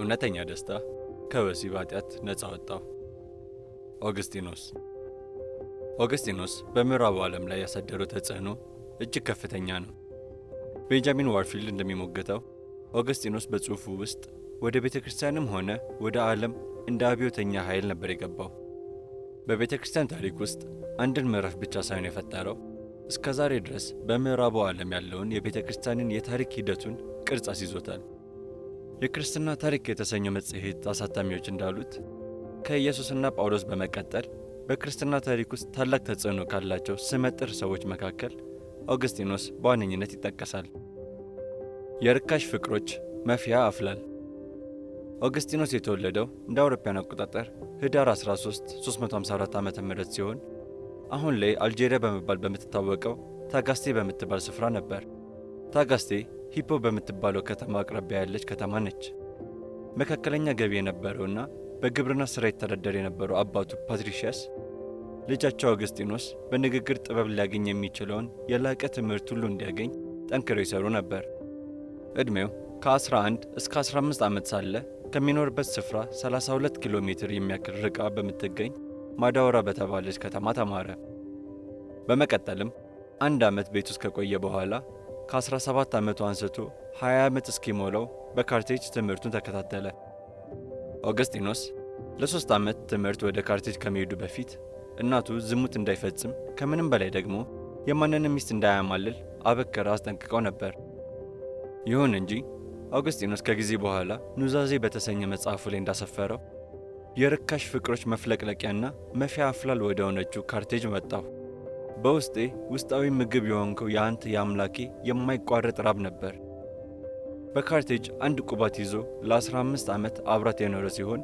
እውነተኛ ደስታ ከወሲብ ኃጢአት ነፃ ወጣው። ኦግስቲኖስ ኦግስቲኖስ በምዕራቡ ዓለም ላይ ያሳደረው ተጽዕኖ እጅግ ከፍተኛ ነው። ቤንጃሚን ዋርፊልድ እንደሚሞግተው ኦግስቲኖስ በጽሑፉ ውስጥ ወደ ቤተ ክርስቲያንም ሆነ ወደ ዓለም እንደ አብዮተኛ ኃይል ነበር የገባው። በቤተ ክርስቲያን ታሪክ ውስጥ አንድን ምዕራፍ ብቻ ሳይሆን የፈጠረው እስከ ዛሬ ድረስ በምዕራቡ ዓለም ያለውን የቤተ ክርስቲያንን የታሪክ ሂደቱን ቅርጽ አስይዞታል። የክርስትና ታሪክ የተሰኘው መጽሔት አሳታሚዎች እንዳሉት ከኢየሱስና ጳውሎስ በመቀጠል በክርስትና ታሪክ ውስጥ ታላቅ ተጽዕኖ ካላቸው ስመጥር ሰዎች መካከል አውግስጢኖስ በዋነኝነት ይጠቀሳል። የርካሽ ፍቅሮች መፍያ አፍላል። አውግስጢኖስ የተወለደው እንደ አውሮፓውያን አቆጣጠር ህዳር 13 354 ዓ ም ሲሆን አሁን ላይ አልጄሪያ በመባል በምትታወቀው ታጋስቴ በምትባል ስፍራ ነበር። ታጋስቴ ሂፖ በምትባለው ከተማ አቅራቢያ ያለች ከተማ ነች። መካከለኛ ገቢ የነበረውና በግብርና ሥራ ይተዳደር የነበረው አባቱ ፓትሪሺያስ ልጃቸው አውግስጢኖስ በንግግር ጥበብ ሊያገኝ የሚችለውን የላቀ ትምህርት ሁሉ እንዲያገኝ ጠንክረው ይሰሩ ነበር። ዕድሜው ከ11 እስከ 15 ዓመት ሳለ ከሚኖርበት ስፍራ 32 ኪሎ ሜትር የሚያክል ርቃ በምትገኝ ማዳወራ በተባለች ከተማ ተማረ። በመቀጠልም አንድ ዓመት ቤት ውስጥ ከቆየ በኋላ ከ17 ዓመቱ አንስቶ 20 ዓመት እስኪሞላው በካርቴጅ ትምህርቱን ተከታተለ። ኦገስጢኖስ ለሦስት ዓመት ትምህርት ወደ ካርቴጅ ከመሄዱ በፊት እናቱ ዝሙት እንዳይፈጽም ከምንም በላይ ደግሞ የማንንም ሚስት እንዳያማልል አበክራ አስጠንቅቀው ነበር። ይሁን እንጂ አውግስጢኖስ ከጊዜ በኋላ ኑዛዜ በተሰኘ መጽሐፉ ላይ እንዳሰፈረው የርካሽ ፍቅሮች መፍለቅለቂያና መፊያ አፍላል ወደ ሆነችው ካርቴጅ መጣሁ በውስጤ ውስጣዊ ምግብ የሆንከው የአንተ የአምላኬ የማይቋረጥ ራብ ነበር። በካርቴጅ አንድ ቁባት ይዞ ለ15 ዓመት አብራት የኖረ ሲሆን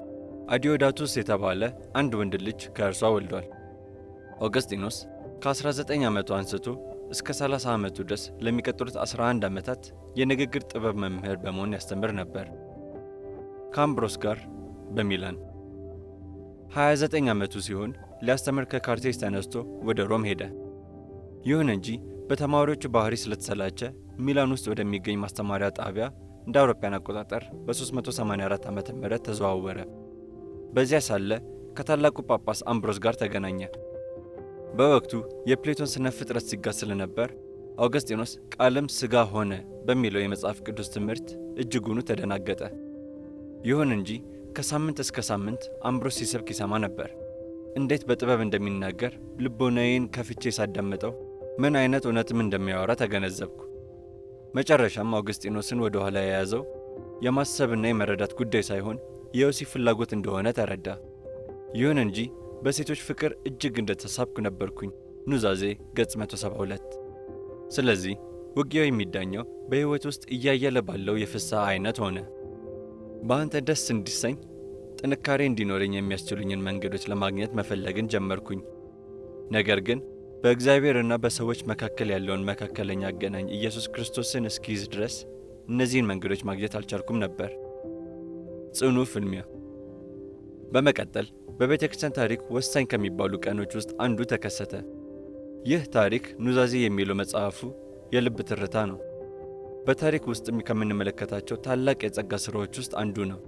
አዲዮዳቱስ የተባለ አንድ ወንድ ልጅ ከእርሷ ወልዷል። ኦገስጢኖስ ከ19 ዓመቱ አንስቶ እስከ 30 ዓመቱ ድረስ ለሚቀጥሉት 11 ዓመታት የንግግር ጥበብ መምህር በመሆን ያስተምር ነበር ከአምብሮስ ጋር በሚላን 29 ዓመቱ ሲሆን ሊያስተምር ከካርቴጅ ተነስቶ ወደ ሮም ሄደ። ይሁን እንጂ በተማሪዎቹ ባህሪ ስለተሰላቸ ሚላን ውስጥ ወደሚገኝ ማስተማሪያ ጣቢያ እንደ አውሮፓውያን አቆጣጠር በ384 ም ተዘዋወረ። በዚያ ሳለ ከታላቁ ጳጳስ አምብሮስ ጋር ተገናኘ። በወቅቱ የፕሌቶን ስነ ፍጥረት ሲጋዝ ስለነበር አውገስጢኖስ ቃልም ሥጋ ሆነ በሚለው የመጽሐፍ ቅዱስ ትምህርት እጅጉኑ ተደናገጠ። ይሁን እንጂ ከሳምንት እስከ ሳምንት አምብሮስ ሲሰብክ ይሰማ ነበር። እንዴት በጥበብ እንደሚናገር ልቦናዬን ከፍቼ ሳዳመጠው ምን አይነት እውነትም እንደሚያወራ ተገነዘብኩ። መጨረሻም አውግስጢኖስን ወደ ኋላ የያዘው የማሰብና የመረዳት ጉዳይ ሳይሆን የዮሴፍ ፍላጎት እንደሆነ ተረዳ። ይሁን እንጂ በሴቶች ፍቅር እጅግ እንደተሳብኩ ነበርኩኝ። ኑዛዜ ገጽ 172 ስለዚህ ውጊያው የሚዳኘው በሕይወት ውስጥ እያየለ ባለው የፍስሐ አይነት ሆነ። በአንተ ደስ እንዲሰኝ ጥንካሬ እንዲኖረኝ የሚያስችሉኝን መንገዶች ለማግኘት መፈለግን ጀመርኩኝ። ነገር ግን በእግዚአብሔር እና በሰዎች መካከል ያለውን መካከለኛ አገናኝ ኢየሱስ ክርስቶስን እስኪይዝ ድረስ እነዚህን መንገዶች ማግኘት አልቻልኩም ነበር። ጽኑ ፍልሚያ። በመቀጠል በቤተ ክርስቲያን ታሪክ ወሳኝ ከሚባሉ ቀኖች ውስጥ አንዱ ተከሰተ። ይህ ታሪክ ኑዛዜ የሚለው መጽሐፉ የልብ ትርታ ነው። በታሪክ ውስጥ ከምንመለከታቸው ታላቅ የጸጋ ሥራዎች ውስጥ አንዱ ነው።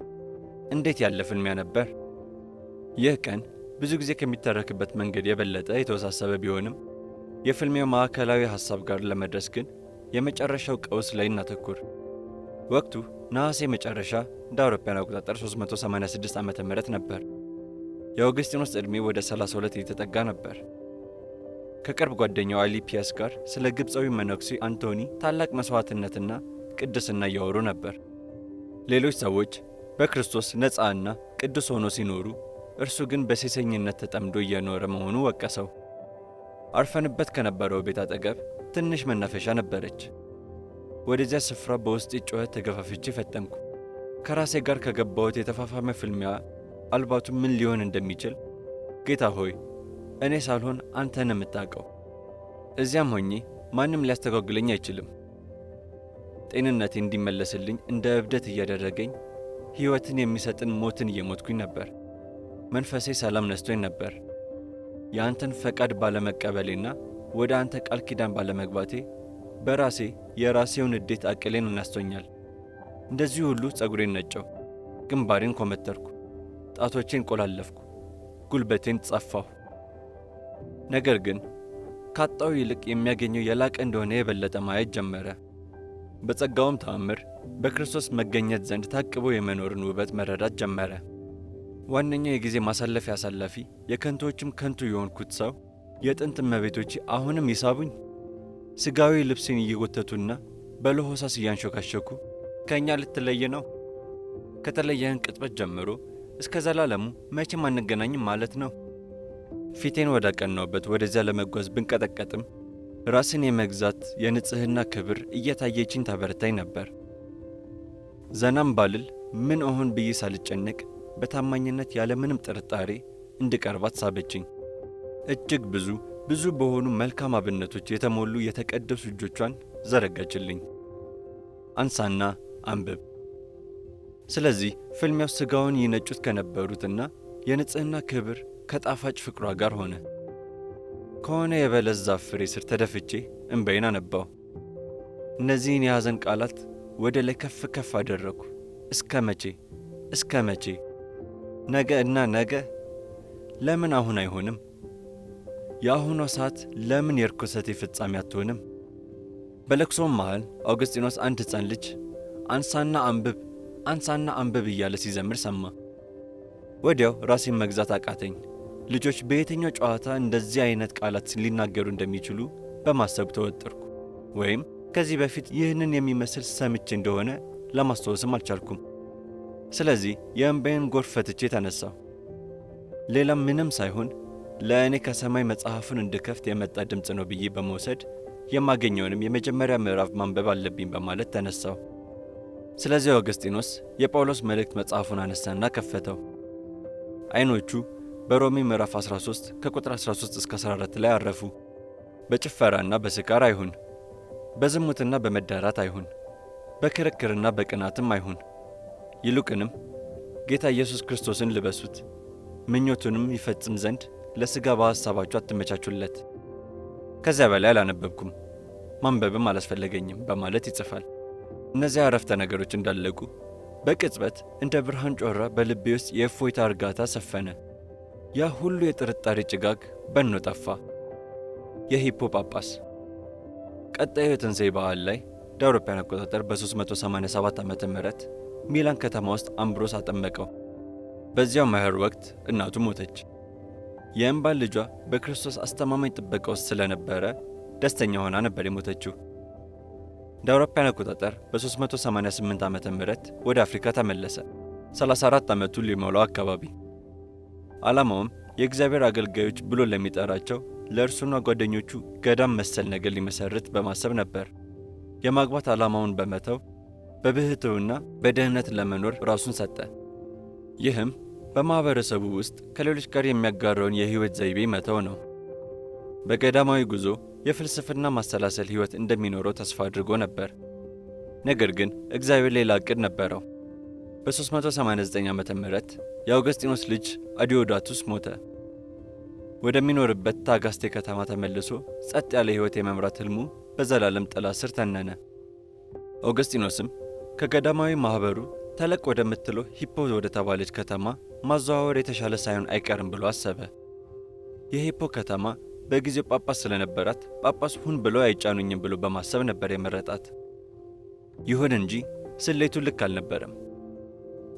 እንዴት ያለ ፍልሚያ ነበር! ይህ ቀን ብዙ ጊዜ ከሚተረክበት መንገድ የበለጠ የተወሳሰበ ቢሆንም የፍልሜው ማዕከላዊ ሐሳብ ጋር ለመድረስ ግን የመጨረሻው ቀውስ ላይ እናተኩር። ወቅቱ ነሐሴ መጨረሻ እንደ አውሮፓውያን አቆጣጠር 386 ዓ ም ነበር። የአውግስጢኖስ ዕድሜ ወደ 32 እየተጠጋ ነበር። ከቅርብ ጓደኛው አሊፒያስ ጋር ስለ ግብፃዊ መነኩሴ አንቶኒ ታላቅ መሥዋዕትነትና ቅድስና እያወሩ ነበር። ሌሎች ሰዎች በክርስቶስ ነፃና ቅዱስ ሆኖ ሲኖሩ እርሱ ግን በሴሰኝነት ተጠምዶ እየኖረ መሆኑ ወቀሰው። አርፈንበት ከነበረው ቤት አጠገብ ትንሽ መናፈሻ ነበረች። ወደዚያ ስፍራ በውስጥ ጩኸት ተገፋፍቼ ፈጠንኩ። ከራሴ ጋር ከገባሁት የተፋፋመ ፍልሚያ አልባቱ ምን ሊሆን እንደሚችል ጌታ ሆይ እኔ ሳልሆን አንተን የምታውቀው። እዚያም ሆኜ ማንም ሊያስተጓግለኝ አይችልም። ጤንነቴ እንዲመለስልኝ እንደ እብደት እያደረገኝ ሕይወትን የሚሰጥን ሞትን እየሞትኩኝ ነበር። መንፈሴ ሰላም ነስቶኝ ነበር። የአንተን ፈቃድ ባለመቀበሌና ወደ አንተ ቃል ኪዳን ባለመግባቴ በራሴ የራሴውን እዴት አቅሌን እናስቶኛል። እንደዚህ ሁሉ ጸጉሬን ነጨው፣ ግንባሬን ኮመተርኩ፣ ጣቶቼን ቆላለፍኩ፣ ጉልበቴን ጸፋሁ። ነገር ግን ካጣው ይልቅ የሚያገኘው የላቀ እንደሆነ የበለጠ ማየት ጀመረ። በጸጋውም ተአምር በክርስቶስ መገኘት ዘንድ ታቅቦ የመኖርን ውበት መረዳት ጀመረ። ዋነኛው የጊዜ ማሳለፊያ አሳላፊ፣ የከንቶችም ከንቱ የሆንኩት ሰው የጥንት እመቤቶቼ አሁንም ይሳቡኝ። ስጋዊ ልብሴን እየጎተቱና በለሆሳስ እያንሾካሸኩ ከእኛ ልትለይ ነው፣ ከተለየህን ቅጥበት ጀምሮ እስከ ዘላለሙ መቼም አንገናኝም ማለት ነው። ፊቴን ወዳቀናውበት ወደዚያ ለመጓዝ ብንቀጠቀጥም ራስን የመግዛት የንጽህና ክብር እየታየችኝ ታበረታኝ ነበር። ዘናም ባልል ምን እሆን ብዬ ሳልጨነቅ በታማኝነት ያለምንም ጥርጣሬ እንድቀርባት ሳበችኝ። እጅግ ብዙ ብዙ በሆኑ መልካም አብነቶች የተሞሉ የተቀደሱ እጆቿን ዘረጋችልኝ። አንሳና አንብብ። ስለዚህ ፍልሚያው ሥጋውን ይነጩት ከነበሩትና የንጽሕና ክብር ከጣፋጭ ፍቅሯ ጋር ሆነ። ከሆነ የበለስ ዛፍ ፍሬ ስር ተደፍቼ እምባዬን አነባሁ። እነዚህን የሐዘን ቃላት ወደ ላይ ከፍ ከፍ አደረግሁ። እስከ መቼ እስከ መቼ ነገ እና ነገ ለምን አሁን አይሆንም? የአሁኗ ሰዓት ለምን የርኩሰቴ ፍጻሜ አትሆንም? በለቅሶም መሃል አውግስጢኖስ አንድ ሕፃን ልጅ አንሳና አንብብ አንሳና አንብብ እያለ ሲዘምር ሰማ። ወዲያው ራሴን መግዛት አቃተኝ። ልጆች በየትኛው ጨዋታ እንደዚህ አይነት ቃላት ሊናገሩ እንደሚችሉ በማሰብ ተወጠርኩ። ወይም ከዚህ በፊት ይህንን የሚመስል ሰምቼ እንደሆነ ለማስታወስም አልቻልኩም። ስለዚህ የእምቤን ጎርፍ ፈትቼ ተነሳሁ። ሌላ ምንም ሳይሆን ለእኔ ከሰማይ መጽሐፉን እንድከፍት የመጣ ድምፅ ነው ብዬ በመውሰድ የማገኘውንም የመጀመሪያ ምዕራፍ ማንበብ አለብኝ በማለት ተነሳሁ። ስለዚህ አውግስጢኖስ የጳውሎስ መልእክት መጽሐፉን አነሳና ከፈተው። አይኖቹ በሮሜ ምዕራፍ 13 ከቁጥር 13 እስከ 14 ላይ አረፉ። በጭፈራና በስካር አይሁን፣ በዝሙትና በመዳራት አይሁን፣ በክርክርና በቅናትም አይሁን ይልቁንም ጌታ ኢየሱስ ክርስቶስን ልበሱት፣ ምኞቱንም ይፈጽም ዘንድ ለሥጋ በሐሳባችሁ አትመቻቹለት። ከዚያ በላይ አላነበብኩም፣ ማንበብም አላስፈለገኝም በማለት ይጽፋል። እነዚያ አረፍተ ነገሮች እንዳለቁ በቅጽበት እንደ ብርሃን ጮራ በልቤ ውስጥ የእፎይታ እርጋታ ሰፈነ። ያ ሁሉ የጥርጣሬ ጭጋግ በኖ ጠፋ። የሂፖ ጳጳስ ቀጣዩ የትንሣኤ በዓል ላይ እንደ አውሮፓውያን አቆጣጠር በ387 ዓ ም ሚላን ከተማ ውስጥ አምብሮስ አጠመቀው። በዚያው መኸር ወቅት እናቱ ሞተች። የእምባል ልጇ በክርስቶስ አስተማማኝ ጥበቃ ውስጥ ስለነበረ ደስተኛ ሆና ነበር የሞተችው። እንደ አውሮፓውያን አቆጣጠር በ388 ዓ ም ወደ አፍሪካ ተመለሰ። 34 ዓመቱ ሊሞላው አካባቢ። ዓላማውም የእግዚአብሔር አገልጋዮች ብሎ ለሚጠራቸው ለእርሱና ጓደኞቹ ገዳም መሰል ነገር ሊመሰርት በማሰብ ነበር። የማግባት ዓላማውን በመተው በብህትውና በደህነት ለመኖር ራሱን ሰጠ። ይህም በማኅበረሰቡ ውስጥ ከሌሎች ጋር የሚያጋራውን የሕይወት ዘይቤ መተው ነው። በገዳማዊ ጉዞ የፍልስፍና ማሰላሰል ሕይወት እንደሚኖረው ተስፋ አድርጎ ነበር። ነገር ግን እግዚአብሔር ሌላ ዕቅድ ነበረው። በ389 ዓ ም የአውገስጢኖስ ልጅ አዲዮዳቱስ ሞተ። ወደሚኖርበት ታጋስቴ ከተማ ተመልሶ ጸጥ ያለ ሕይወት የመምራት ሕልሙ በዘላለም ጥላ ስር ተነነ። አውገስጢኖስም ከገዳማዊ ማህበሩ ተለቅ ወደምትለው ሂፖ ወደ ተባለች ከተማ ማዘዋወር የተሻለ ሳይሆን አይቀርም ብሎ አሰበ። የሂፖ ከተማ በጊዜው ጳጳስ ስለነበራት ጳጳስ ሁን ብሎ አይጫኑኝም ብሎ በማሰብ ነበር የመረጣት። ይሁን እንጂ ስሌቱ ልክ አልነበረም።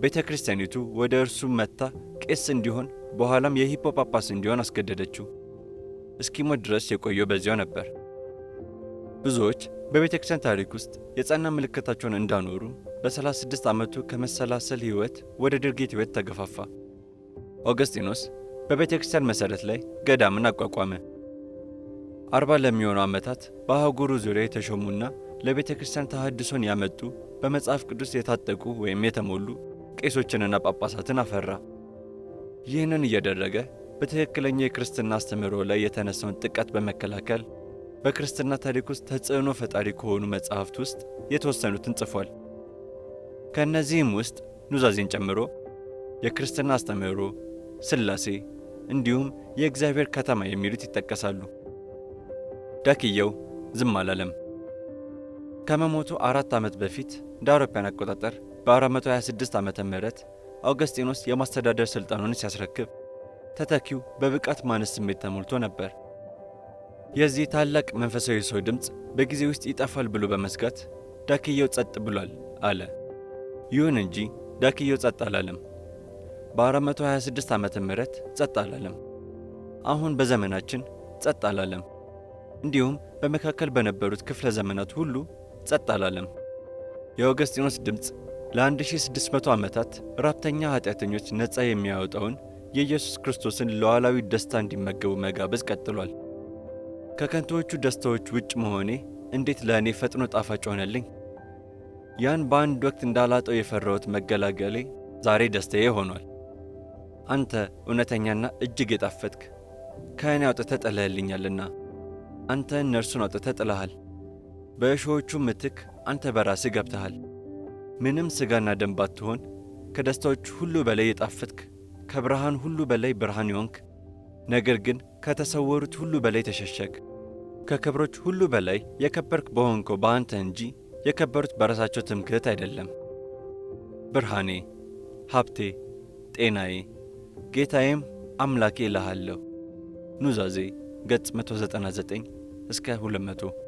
ቤተ ክርስቲያኒቱ ወደ እርሱ መታ ቄስ እንዲሆን በኋላም የሂፖ ጳጳስ እንዲሆን አስገደደችው። እስኪሞት ድረስ የቆየው በዚያው ነበር። ብዙዎች በቤተ ክርስቲያን ታሪክ ውስጥ የጸና ምልክታቸውን እንዳኖሩ በ36 ዓመቱ ከመሰላሰል ሕይወት ወደ ድርጊት ሕይወት ተገፋፋ። ኦገስጢኖስ በቤተ ክርስቲያን መሠረት ላይ ገዳምን አቋቋመ። አርባ ለሚሆኑ ዓመታት በአህጉሩ ዙሪያ የተሾሙና ለቤተ ክርስቲያን ተሐድሶን ያመጡ በመጽሐፍ ቅዱስ የታጠቁ ወይም የተሞሉ ቄሶችንና ጳጳሳትን አፈራ። ይህንን እያደረገ በትክክለኛ የክርስትና አስተምህሮ ላይ የተነሳውን ጥቃት በመከላከል በክርስትና ታሪክ ውስጥ ተጽዕኖ ፈጣሪ ከሆኑ መጻሕፍት ውስጥ የተወሰኑትን ጽፏል። ከእነዚህም ውስጥ ኑዛዜን ጨምሮ የክርስትና አስተምህሮ፣ ሥላሴ እንዲሁም የእግዚአብሔር ከተማ የሚሉት ይጠቀሳሉ። ዳክየው ዝም አላለም። ከመሞቱ አራት ዓመት በፊት እንደ አውሮፓውያን አቆጣጠር በ426 ዓ ም አውገስጢኖስ የማስተዳደር ሥልጣኑን ሲያስረክብ ተተኪው በብቃት ማነስ ስሜት ተሞልቶ ነበር። የዚህ ታላቅ መንፈሳዊ ሰው ድምፅ በጊዜ ውስጥ ይጠፋል ብሎ በመስጋት ዳክየው ጸጥ ብሏል አለ። ይሁን እንጂ ዳክየው ጸጥ አላለም። በ426 ዓመተ ምህረት ጸጥ አላለም። አሁን በዘመናችን ጸጥ አላለም። እንዲሁም በመካከል በነበሩት ክፍለ ዘመናት ሁሉ ጸጥ አላለም። የኦገስጢኖስ ድምፅ ለ1600 ዓመታት ራብተኛ ኃጢአተኞች ነፃ የሚያወጣውን የኢየሱስ ክርስቶስን ለዋላዊ ደስታ እንዲመገቡ መጋበዝ ቀጥሏል። ከከንቶቹ ደስታዎች ውጭ መሆኔ እንዴት ለእኔ ፈጥኖ ጣፋጭ ሆነልኝ! ያን በአንድ ወቅት እንዳላጠው የፈራሁት መገላገሌ ዛሬ ደስታዬ ሆኗል። አንተ እውነተኛና እጅግ የጣፈጥክ ከእኔ አውጥተህ ጥለህልኛልና፣ አንተ እነርሱን አውጥተህ ጥለሃል። በእሾዎቹ ምትክ አንተ በራስህ ገብተሃል። ምንም ሥጋና ደም ባትሆን ከደስታዎች ሁሉ በላይ የጣፈጥክ ከብርሃን ሁሉ በላይ ብርሃን ይሆንክ ነገር ግን ከተሰወሩት ሁሉ በላይ ተሸሸግ ከክብሮች ሁሉ በላይ የከበርክ በሆንኮ በአንተ እንጂ የከበሩት በራሳቸው ትምክህት አይደለም። ብርሃኔ፣ ሀብቴ፣ ጤናዬ፣ ጌታዬም አምላኬ እልሃለሁ። ኑዛዜ ገጽ 199 እስከ 200